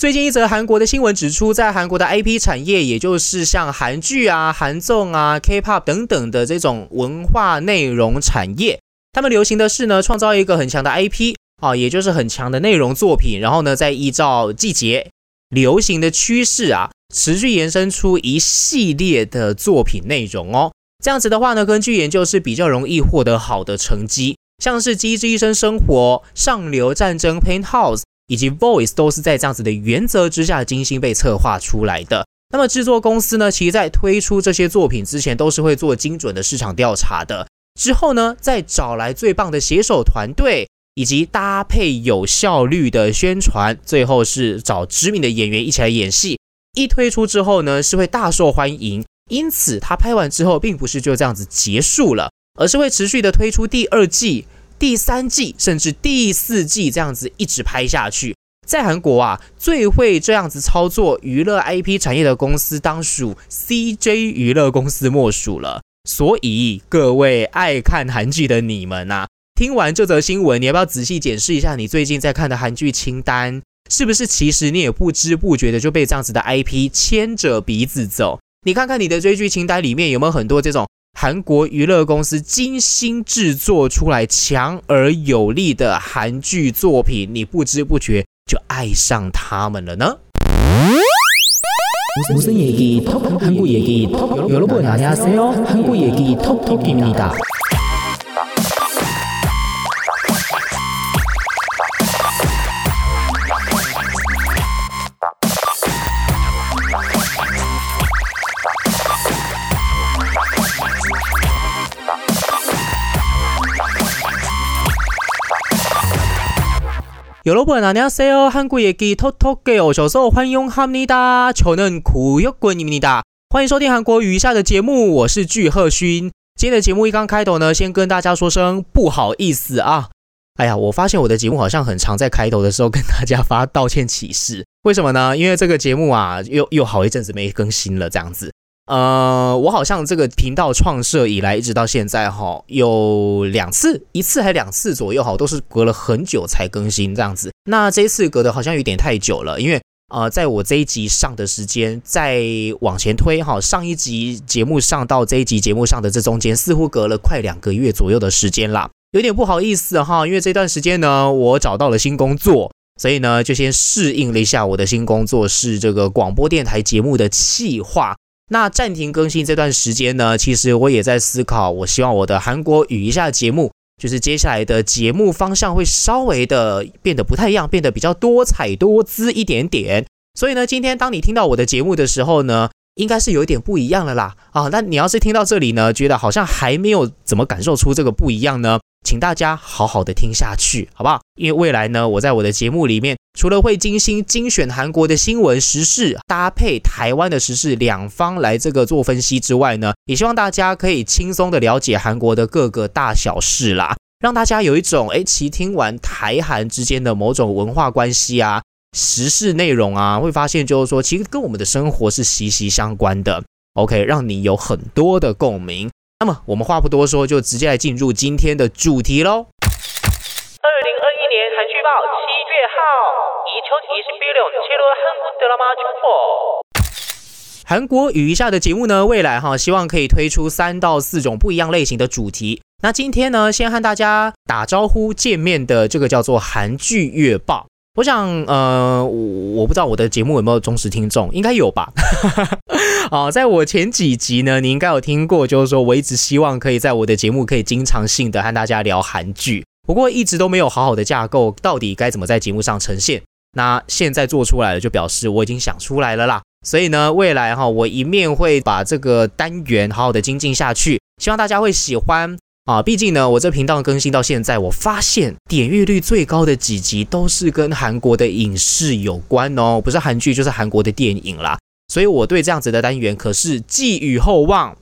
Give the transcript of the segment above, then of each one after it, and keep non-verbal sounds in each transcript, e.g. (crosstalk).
最近一則韓國的新聞指出，在韓國的 IP 產業，也就是像韓劇啊、韓綜啊、K-pop 等等的這種文化內容產業，他們流行的是呢，創造一個很強的 IP 啊,也就是很強的內容作品，然後呢，再依照季節流行的趨勢啊，持續延伸出一系列的作品內容哦。這樣子的話呢，根據研究是比較容易獲得好的成績，像是《機智醫生生活》《上流戰爭》《Penthouse》以及 Voice 都是在這樣子的原則之下精心被策劃出來的。那麼製作公司呢，其實在推出這些作品之前，都是會做精準的市場調查的。之後呢，再找來最棒的寫手團隊，以及搭配有效率的宣傳，最後是找知名的演員一起來演戲。一推出之後呢，是會大受歡迎。因此，他拍完之後，並不是就這樣子結束了，而是會持續的推出第二季。第三季，甚至第四季這樣子一直拍下去。在韓國啊，最會這樣子操作娛樂 IP 產業的公司，當屬 CJ 娛樂公司莫屬了。所以各位愛看韓劇的你們吶、啊，聽完這則新聞，你要不要仔細檢視一下你最近在看的韓劇清單，是不是其實你也不知不覺的就被這樣子的 IP 牽着鼻子走？你看看你的追劇清單裡面有沒有很多這種？韓國娛樂公司精心製作出來，強而有力的韓劇作品，你不知不覺就愛上他們了呢？有老婆哪樣說哦？韓國演技偷偷給哦，小時候歡迎喊你噠，成人苦要滾你咪噠！歡迎收聽韓國語一下的節目，我是具赫勳。今天的節目一剛開頭呢，先跟大家說聲不好意思啊！哎呀，我發現我的節目好像很常在開頭的時候跟大家發道歉啟事。為什麼呢？因為這個節目啊，又又好一陣子沒更新了，這樣子。呃，我好像這個頻道創設以來一直到現在哈、哦，有兩次，一次還兩次左右哈、哦，都是隔了很久才更新這樣子。那這一次隔得好像有點太久了，因為呃在我這一集上的時間再往前推哈、哦，上一集節目上到這一集節目上的這中間，似乎隔了快兩個月左右的時間啦，有點不好意思哈、哦，因為這段時間呢，我找到了新工作，所以呢，就先適應了一下我的新工作，是這個廣播電台節目的企劃。那暫停更新這段時間呢，其實我也在思考，我希望我的韓國語一下節目，就是接下來的節目方向會稍微的變得不太一樣，變得比較多彩多姿一點點。所以呢，今天當你聽到我的節目的時候呢，應該是有點不一樣了啦。啊，那你要是聽到這裡呢，覺得好像還沒有怎麼感受出這個不一樣呢？請大家好好的聽下去，好不好？因為未來呢，我在我的節目裡面，除了會精心精選韓國的新聞時事，搭配台灣的時事兩方來這個做分析之外呢，也希望大家可以輕鬆的了解韓國的各個大小事啦，讓大家有一種，誒，其實聽完台韓之間的某種文化關係啊、時事內容啊，會發現就是說，其實跟我們的生活是息息相關的。OK，讓你有很多的共鳴。那麼我們話不多說，就直接來進入今天的主題嘍。二零二一年韓劇報七月號，以秋季是別了，七月很不得了嗎？秋火。韓國語一下的節目呢，未來哈，希望可以推出三到四種不一樣類型的主題。那今天呢，先和大家打招呼見面的這個叫做《韓劇月報》。我想，呃，我不知道我的節目有沒有忠實聽眾，應該有吧？啊， (laughs) 在我前幾集呢，你應該有聽過，就是說我一直希望可以在我的節目可以經常性的和大家聊韓劇，不過一直都沒有好好的架構，到底該怎麼在節目上呈現？那現在做出來了，就表示我已經想出來了啦。所以呢，未來哈，我一面會把這個單元好好的精進下去，希望大家會喜歡。啊，畢竟呢，我這頻道更新到現在，我發現點閱率最高的幾集都是跟韓國的影視有關哦，不是韓劇就是韓國的電影啦，所以我對這樣子的單元可是寄予厚望。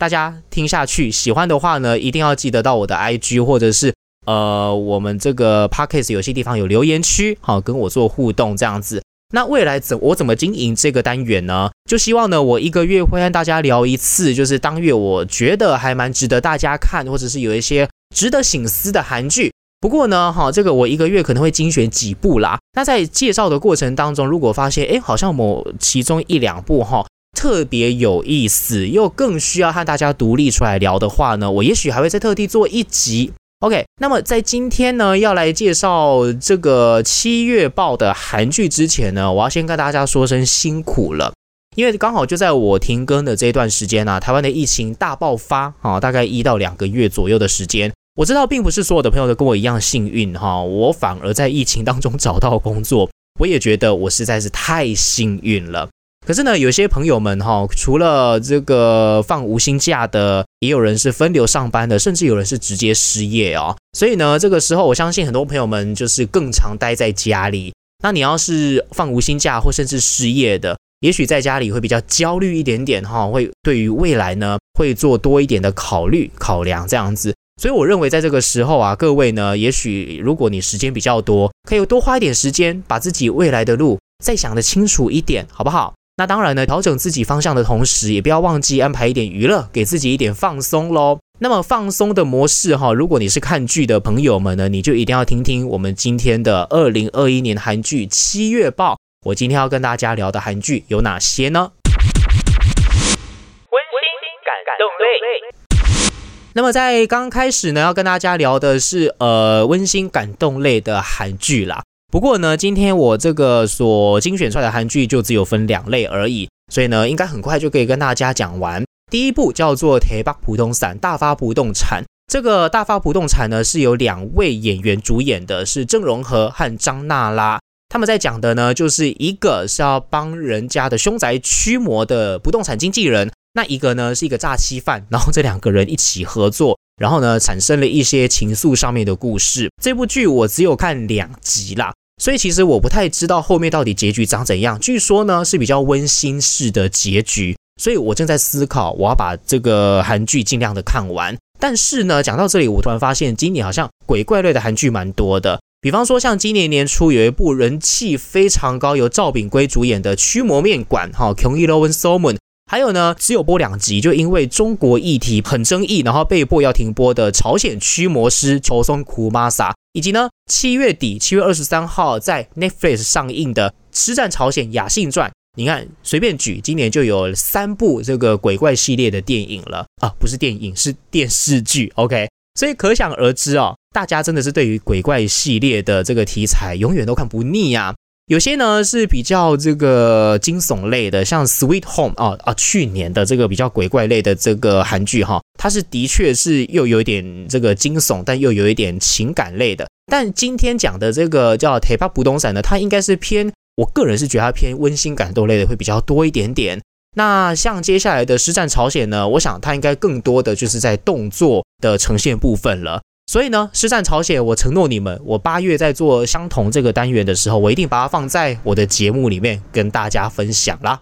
大家聽下去，喜歡的話呢，一定要記得到我的 IG 或者是呃我們這個 Podcast 有些地方有留言區，好跟我做互動這樣子。那未來怎我怎麼經營這個單元呢？就希望呢，我一個月會和大家聊一次，就是當月我覺得還蠻值得大家看，或者是有一些值得省思的韓劇。不過呢，哈，這個我一個月可能會精選幾部啦。那在介紹的過程當中，如果發現，誒，好像某其中一兩部哈，特別有意思，又更需要和大家獨立出來聊的話呢，我也許還會再特地做一集。OK，那麼在今天呢，要來介紹這個七月報的韓劇之前呢，我要先跟大家說聲辛苦了，因為剛好就在我停更的這段時間呢、啊，台灣的疫情大爆發啊、哦，大概一到兩個月左右的時間，我知道並不是所有的朋友都跟我一樣幸運哈、哦，我反而在疫情當中找到工作，我也覺得我實在是太幸運了。可是呢，有些朋友們哈、哦，除了這個放無薪假的，也有人是分流上班的，甚至有人是直接失業哦，所以呢，這個時候我相信很多朋友們就是更常待在家裡。那你要是放無薪假或甚至失業的，也許在家裡會比較焦慮一點點哈、哦，會對於未來呢會做多一點的考慮考量這樣子。所以我認為在這個時候啊，各位呢，也許如果你時間比較多，可以多花一點時間，把自己未來的路再想得清楚一點，好不好？那當然呢，調整自己方向的同時，也不要忘記安排一點娛樂，給自己一點放鬆嘍。那麼放鬆的模式哈，如果你是看劇的朋友們呢，你就一定要聽聽我們今天的二零二一年韓劇七月報。我今天要跟大家聊的韓劇有哪些呢？溫馨感動類。那麼在剛開始呢，要跟大家聊的是，呃，溫馨感動類的韓劇啦。不過呢，今天我這個所精選出來的韓劇就只有分兩類而已，所以呢，應該很快就可以跟大家講完。第一部叫做《鐵巴普通傘》，《大發不動產》。這個《大發不動產》呢，是由兩位演員主演的，是鄭容和和張娜拉。他們在講的呢，就是一個是要幫人家的凶宅驅魔的不動產經紀人，那一個呢，是一個詐欺犯，然後這兩個人一起合作，然後呢，產生了一些情愫上面的故事。這部劇我只有看兩集啦。所以其實我不太知道後面到底結局長怎樣。據說呢，是比較溫馨式的結局，所以我正在思考，我要把這個韓劇儘量的看完。但是呢，講到這裡，我突然發現今年好像鬼怪類的韓劇蠻多的。比方說，像今年年初有一部人氣非常高，由趙炳圭主演的《驅魔麵館》哈，경이로운소문還有呢，只有播兩集，就因為中國議題很爭議，然後被迫要停播的朝鮮驅魔師求松苦馬撒，以及呢，七月底七月二十三號在 Netflix 上映的《屍戰朝鮮雅信傳》，你看隨便舉，今年就有三部這個鬼怪系列的電影了啊，不是電影是電視劇，OK，所以可想而知哦，大家真的是對於鬼怪系列的這個題材永遠都看不膩啊。有些呢是比較這個驚悚類的，像《Sweet Home》啊啊，去年的這個比較鬼怪類的這個韓劇哈，它是的確是又有一點這個驚悚，但又有一點情感類的。但今天講的這個叫《大發不動產》呢，它應該是偏，我個人是覺得它偏溫馨感動類的會比較多一點點。那像接下來的《屍戰朝鮮》呢，我想它應該更多的就是在動作的呈現部分了。所以呢，《屍戰朝鮮》，我承諾你們，我八月在做相同這個單元的時候，我一定把它放在我的節目裡面跟大家分享啦。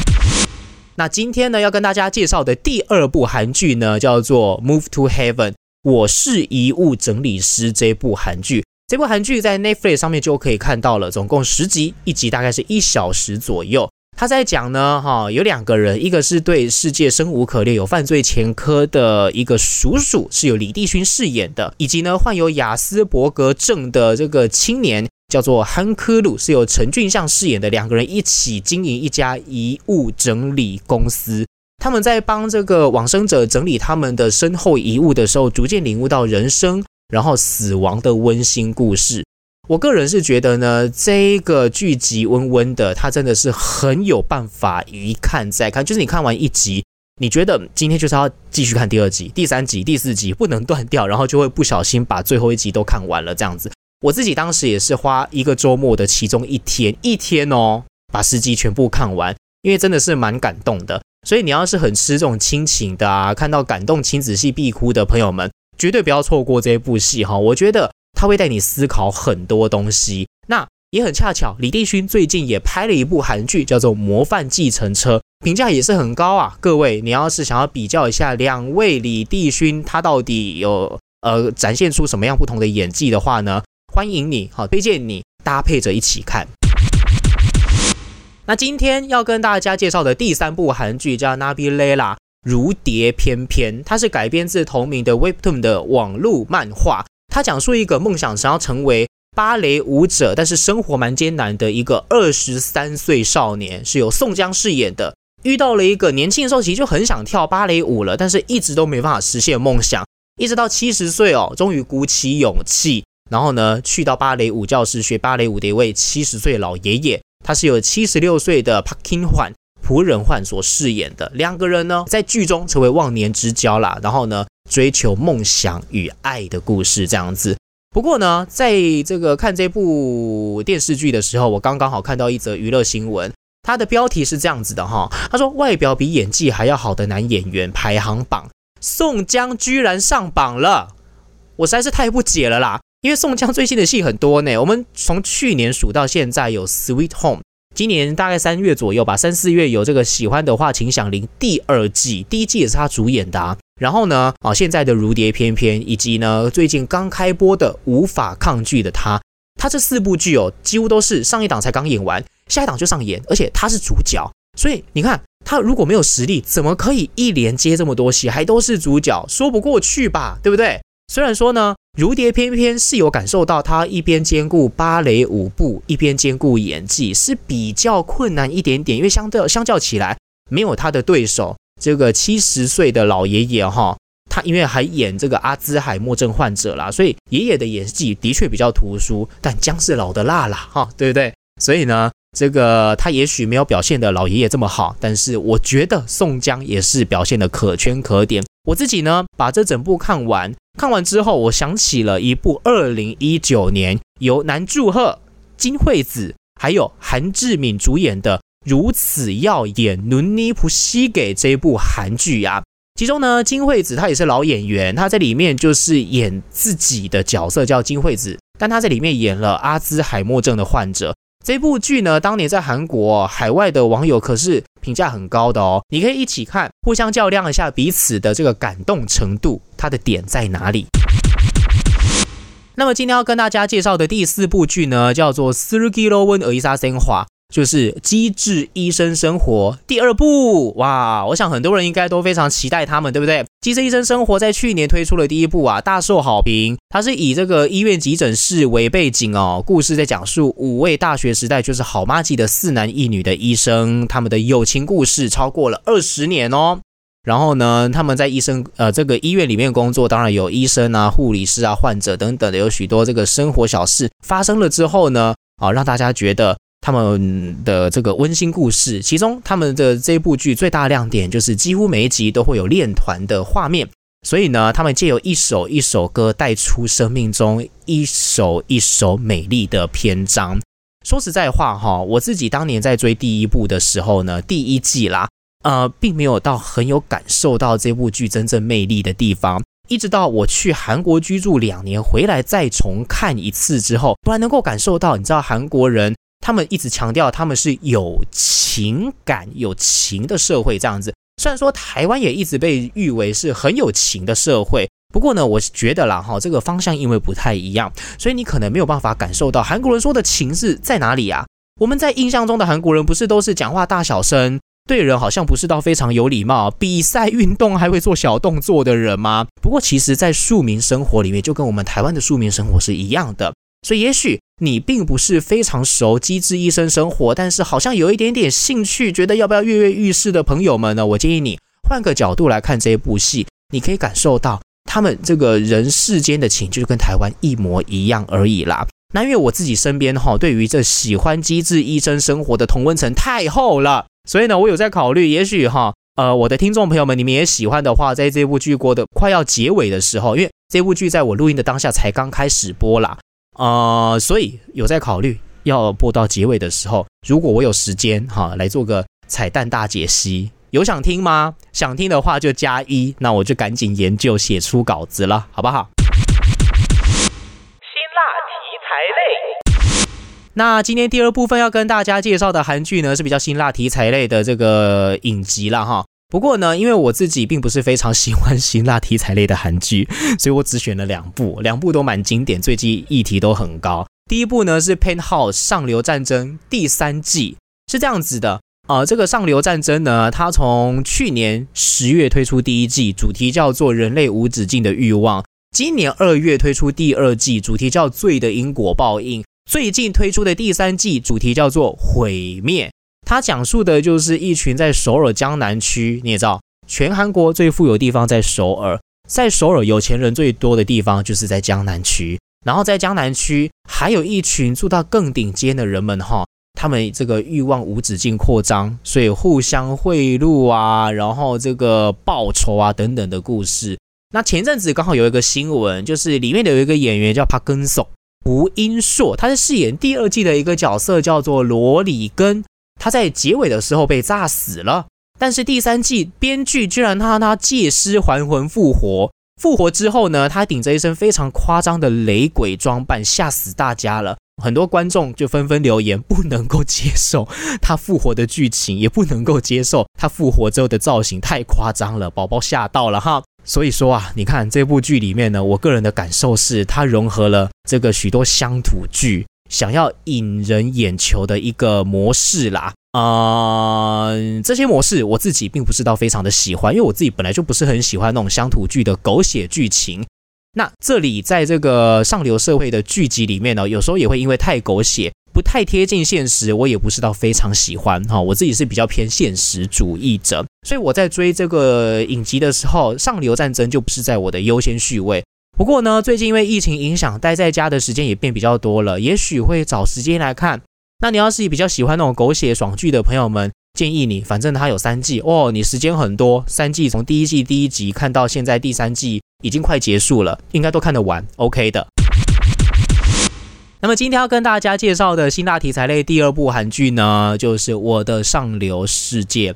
(music) 那今天呢，要跟大家介紹的第二部韓劇呢，叫做《Move to Heaven》，我是遺物整理師。這部韓劇，這部韓劇在 Netflix 上面就可以看到了，總共十集，一集大概是一小時左右。他在講呢，哈，有兩個人，一個是對世界生無可戀、有犯罪前科的一個叔叔，是由李帝勳飾演的，以及呢患有亞斯伯格症的這個青年叫做漢科魯，是由陳俊尚飾演的。兩個人一起經營一家遺物整理公司，他們在幫這個往生者整理他們的身後遺物的時候，逐漸領悟到人生然後死亡的溫馨故事。我個人是覺得呢，這個劇集溫溫的，它真的是很有辦法，一看再看。就是你看完一集，你覺得今天就是要繼續看第二集、第三集、第四集，不能斷掉，然後就會不小心把最後一集都看完了這樣子。我自己當時也是花一個周末的其中一天，一天哦，把十集全部看完，因為真的是蠻感動的。所以你要是很吃這種親情的啊，看到感動親子戲必哭的朋友們，絕對不要錯過這一部戲哈。我覺得。他會帶你思考很多東西，那也很恰巧，李帝勳最近也拍了一部韓劇，叫做《模範計程車》，評價也是很高啊。各位，你要是想要比較一下兩位李帝勳，他到底有呃展現出什麼樣不同的演技的話呢？歡迎你，好推薦你搭配着一起看。 (music) 那今天要跟大家介紹的第三部韓劇叫《Nabi Lela 如蝶翩翩》，它是改編自同名的 Webtoon 的網絡漫畫。他講述一個夢想想要成為芭蕾舞者，但是生活蠻艱難的一個二十三歲少年，是由宋江飾演的。遇到了一個年輕的時候其實就很想跳芭蕾舞了，但是一直都沒辦法實現夢想，一直到七十歲哦，終於鼓起勇氣，然後呢，去到芭蕾舞教室學芭蕾舞的一位七十歲老爺爺，他是由七十六歲的 Park In-hwan 朴仁煥所飾演的。兩個人呢，在劇中成為忘年之交啦，然後呢。追求夢想與愛的故事這樣子。不過呢，在這個看這部電視劇的時候，我剛剛好看到一則娛樂新聞，它的標題是這樣子的哈。他說，外表比演技還要好的男演員排行榜，宋江居然上榜了。我實在是太不解了啦，因為宋江最近的戲很多呢。我們從去年數到現在，有《Sweet Home》。今年大概三月左右吧，三四月有這個喜歡的話，請響鈴第二季，第一季也是他主演的啊。然後呢，啊、哦，現在的如蝶翩翩，以及呢，最近剛開播的無法抗拒的他，他這四部劇哦，幾乎都是上一檔才剛演完，下一檔就上演，而且他是主角。所以你看，他如果沒有實力，怎麼可以一連接這麼多戲，還都是主角，說不過去吧？對不對？雖然說呢。如蝶翩翩是有感受到，他一邊兼顧芭蕾舞步，一邊兼顧演技是比較困難一點點，因為相對相較起來，沒有他的對手，這個七十歲的老爺爺哈，他因為還演這個阿茲海默症患者啦，所以爺爺的演技的確比較突出，但薑是老的辣啦，哈，對不對？所以呢，這個他也許沒有表現的老爺爺這麼好，但是我覺得宋江也是表現得可圈可點。我自己呢，把這整部看完，看完之後，我想起了一部二零一九年由南柱赫、金惠子還有韓智敏主演的《如此耀眼》《倫尼普西給》這一部韓劇呀、啊。其中呢，金惠子她也是老演員，她在裡面就是演自己的角色叫金惠子，但她在裡面演了阿茲海默症的患者。這部劇呢，當年在韓國，海外的網友可是評價很高的哦，你可以一起看，互相較量一下彼此的這個感動程度，它的點在哪裡？ (noise) 那麼今天要跟大家介紹的第四部劇呢，叫做《Seulgiroun Uisa Saenghwal》，就是《機智醫生生活》第二部。哇，我想很多人應該都非常期待他們，對不對？機智醫生生活在去年推出了第一部啊，大受好評。它是以這個醫院急診室為背景哦，故事在講述五位大學時代就是好麻吉的四男一女的醫生，他們的友情故事，超過了二十年哦。然後呢，他們在醫生呃這個醫院裡面工作，當然有醫生啊、護理師啊、患者等等的，有許多這個生活小事發生了之後呢，啊，讓大家覺得。他們的這個溫馨故事，其中他們的這部劇最大亮點就是幾乎每一集都會有練團的畫面，所以呢，他們借由一首一首歌帶出生命中一首一首美麗的篇章。說實在話，哦，哈，我自己當年在追第一部的時候呢，第一季啦，呃，並沒有到很有感受到這部劇真正魅力的地方，一直到我去韓國居住兩年回來再重看一次之後，突然能夠感受到，你知道韓國人。他們一直強調他們是有情感、有情的社會這樣子。雖然說台灣也一直被譽為是很有情的社會，不過呢，我覺得啦，哈，這個方向因為不太一樣，所以你可能沒有辦法感受到韓國人說的情是在哪裡啊？我們在印象中的韓國人不是都是講話大小聲、對人好像不是到非常有禮貌、比賽運動還會做小動作的人嗎？不過其實，在庶民生活裡面，就跟我們台灣的庶民生活是一樣的。所以，也許你並不是非常熟《機智醫生生活》，但是好像有一點點興趣，覺得要不要躍躍欲試的朋友們呢？我建議你換個角度來看這一部戲，你可以感受到他們這個人世間的情緒跟台灣一模一樣而已啦。那因為我自己身邊哈，對於這喜歡《機智醫生生活》的同溫層太厚了，所以呢，我有在考慮，也許哈，呃，我的聽眾朋友們，你們也喜歡的話，在這部劇過的快要結尾的時候，因為這部劇在我錄音的當下才剛開始播啦。呃，所以有在考慮要播到結尾的時候，如果我有時間哈，來做個彩蛋大解析，有想聽嗎？想聽的話就加一，那我就趕緊研究寫出稿子了，好不好？辛辣題材類，那今天第二部分要跟大家介紹的韓劇呢，是比較辛辣題材類的這個影集了哈。不過呢，因為我自己並不是非常喜歡辛辣題材類的韓劇，所以我只選了兩部，兩部都蠻經典，最近議題都很高。第一部呢是《Penthouse 上流戰爭》第三季，是這樣子的啊、呃。這個《上流戰爭》呢，它從去年十月推出第一季，主題叫做“人類無止境的慾望”；今年二月推出第二季，主題叫“罪的因果報應”；最近推出的第三季，主題叫做“毀滅”。它講述的就是一群在首爾江南區，你也知道，全韓國最富有的地方在首爾，在首爾有錢人最多的地方就是在江南區。然後在江南區還有一群住到更頂尖的人們，哈，他們這個慾望無止境擴張，所以互相賄賂啊，然後這個報仇啊等等的故事。那前陣子剛好有一個新聞，就是裡面有一個演員叫帕根索、吳英碩，他是飾演第二季的一個角色，叫做羅裡根。他在結尾的時候被炸死了，但是第三季編劇居然他讓他借屍還魂復活。復活之後呢，他頂着一身非常誇張的雷鬼裝扮嚇死大家了。很多觀眾就紛紛留言，不能夠接受他復活的劇情，也不能夠接受他復活之後的造型太誇張了，寶寶嚇到了哈。所以說啊，你看這部劇裡面呢，我個人的感受是，它融合了這個許多鄉土劇。想要引人眼球的一個模式啦，嗯、呃、這些模式我自己並不是到非常的喜歡，因為我自己本來就不是很喜歡那種鄉土劇的狗血劇情。那這裡在這個上流社會的劇集裡面呢，有時候也會因為太狗血，不太貼近現實，我也不是到非常喜歡哈、哦。我自己是比較偏現實主義者，所以我在追這個影集的時候，《上流戰爭》就不是在我的優先序位。不過呢，最近因為疫情影響，待在家的時間也變比較多了，也許會找時間來看。那你要是比較喜歡那種狗血爽劇的朋友們，建議你，反正它有三季哦，你時間很多，三季從第一季第一集看到現在第三季已經快結束了，應該都看得完，OK 的。 (noise) 那麼今天要跟大家介紹的新大題材類第二部韓劇呢，就是《我的上流世界》。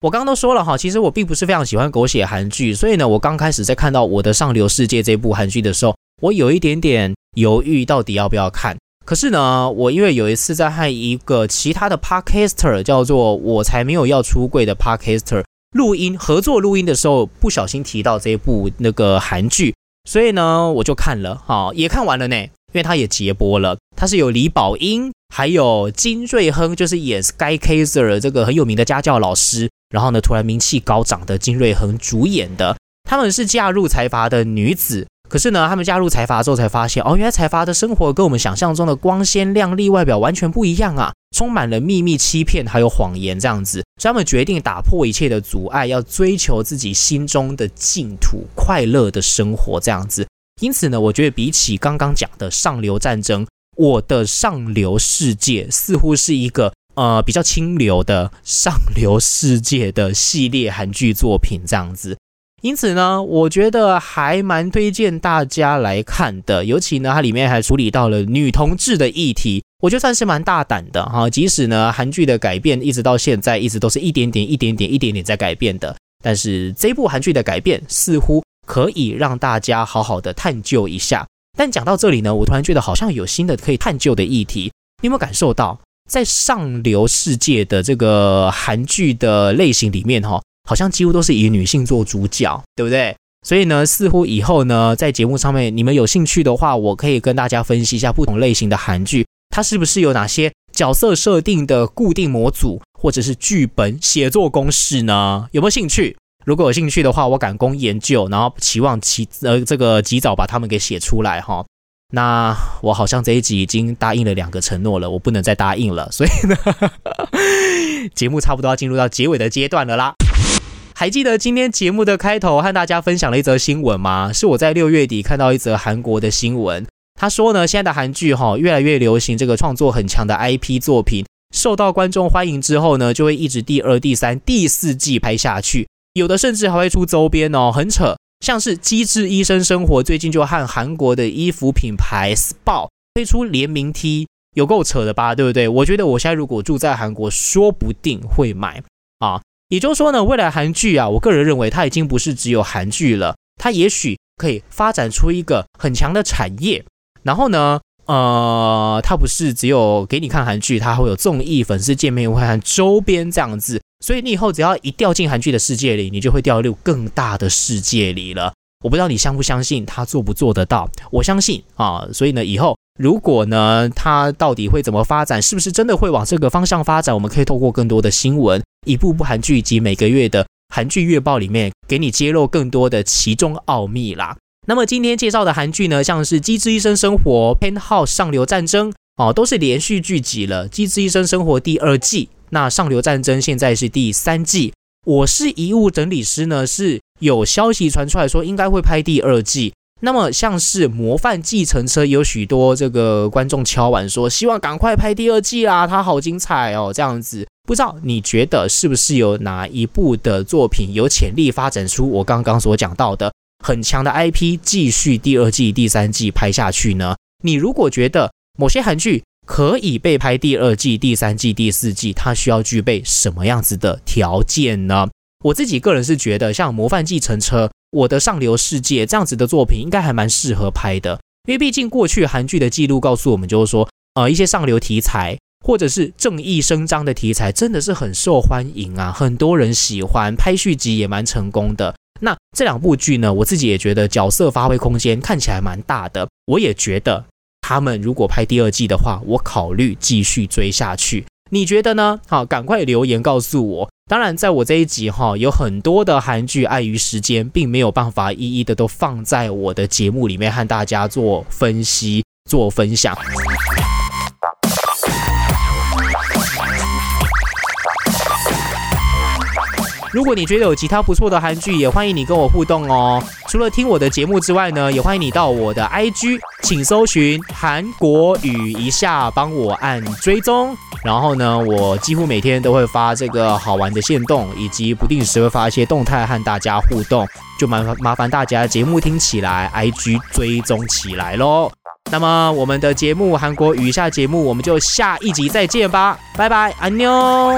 我剛剛都說了哈，其實我並不是非常喜歡狗血韓劇，所以呢，我剛開始在看到我的上流世界這部韓劇的時候，我有一點點猶豫，到底要不要看。可是呢，我因為有一次在看一個其他的 podcast 叫做我才沒有要出櫃的 podcast 錄音合作錄音的時候，不小心提到這部那個韓劇，所以呢，我就看了哈，也看完了呢，因為他也結播了。他是有李寶英，還有金瑞亨，就是演、yes, SKY Castle 這個很有名的家教老師。然後呢，突然名氣高漲的金瑞亨主演的，他們是嫁入財閥的女子。可是呢，他們嫁入財閥之後才發現，哦，原來財閥的生活跟我們想象中的光鮮亮麗、外表完全不一樣啊，充滿了秘密、欺騙還有謊言這樣子。所以他們決定打破一切的阻礙，要追求自己心中的淨土、快樂的生活這樣子。因此呢，我覺得比起剛剛講的上流戰爭，《我的上流世界》似乎是一個。呃，比較清流的上流世界的系列韓劇作品這樣子，因此呢，我覺得還蠻推薦大家來看的。尤其呢，它裡面還處理到了女同志的議題，我覺得算是蠻大膽的哈。即使呢，韓劇的改變一直到現在一直都是一點點、一點點、一點點在改變的，但是這部韓劇的改變似乎可以讓大家好好的探究一下。但講到這裡呢，我突然覺得好像有新的可以探究的議題，你有沒有感受到？在上流世界的這個韓劇的類型裡面、哦，哈，好像幾乎都是以女性做主角，對不對？所以呢，似乎以後呢，在節目上面，你們有興趣的話，我可以跟大家分析一下不同類型的韓劇，它是不是有哪些角色設定的固定模組，或者是劇本寫作公式呢？有沒有興趣？如果有興趣的話，我趕工研究，然後期望其呃這個及早把它們給寫出來、哦，哈。那我好像這一集已經答應了兩個承諾了，我不能再答應了，所以呢，哈哈，節目差不多要進入到結尾的階段了啦。還記得今天節目的開頭和大家分享了一則新聞嗎？是我在六月底看到一則韓國的新聞，他說呢，現在的韓劇哈、哦、越來越流行這個創作很強的 IP 作品，受到觀眾歡迎之後呢，就會一直第二、第三、第四季拍下去，有的甚至還會出周邊哦，很扯。像是《機智醫生生活》最近就和韓國的衣服品牌 Spa 推出聯名 T，有夠扯的吧？對不對？我覺得我現在如果住在韓國，說不定會買啊。也就是說呢，未來韓劇啊，我個人認為它已經不是只有韓劇了，它也許可以發展出一個很強的產業。然後呢，呃，它不是只有給你看韓劇，它會有綜藝、粉絲見面會、和周邊這樣子。所以你以後只要一掉進韓劇的世界裡，你就會掉入更大的世界裡了。我不知道你相不相信，他做不做得到？我相信啊。所以呢，以後如果呢，他到底會怎麼發展，是不是真的會往這個方向發展？我們可以透過更多的新聞、一部部韓劇以及每個月的韓劇月報裡面，給你揭露更多的其中奧秘啦。那麼今天介紹的韓劇呢，像是《機智醫生生活》、《Penthouse 上流戰爭》。哦，都是連續劇集了，《機智醫生生活》第二季，那《上流戰爭》現在是第三季，《我是遺物整理師》呢是有消息傳出來說應該會拍第二季。那麼像是《模範計程車》，有許多這個觀眾敲碗說，希望趕快拍第二季啦、啊，它好精彩哦，這樣子。不知道你覺得是不是有哪一部的作品有潛力發展出我剛剛所講到的很強的 IP，繼續第二季、第三季拍下去呢？你如果覺得，某些韓劇可以被拍第二季、第三季、第四季，它需要具備什麼樣子的條件呢？我自己個人是覺得，像《模範計程車》、《我的上流世界》這樣子的作品，應該還蠻適合拍的，因為畢竟過去韓劇的記錄告訴我們，就是說，呃，一些上流題材或者是正義聲張的題材，真的是很受歡迎啊，很多人喜歡，拍續集也蠻成功的。那這兩部劇呢，我自己也覺得角色發揮空間看起來蠻大的，我也覺得。他們如果拍第二季的話，我考慮繼續追下去。你覺得呢？好，趕快留言告訴我。當然，在我這一集哈，有很多的韓劇，礙於時間，並沒有辦法一一的都放在我的節目裡面和大家做分析、做分享。如果你覺得有其他不錯的韓劇，也歡迎你跟我互動哦。除了聽我的節目之外呢，也歡迎你到我的 IG，請搜尋韓國語一下，幫我按追蹤。然後呢，我幾乎每天都會發這個好玩的限動，以及不定時會發一些動態和大家互動，就麻煩大家節目聽起來，IG 追蹤起來嘍。那麼我們的節目韓國語一下節目，我們就下一集再見吧，拜拜，安妞。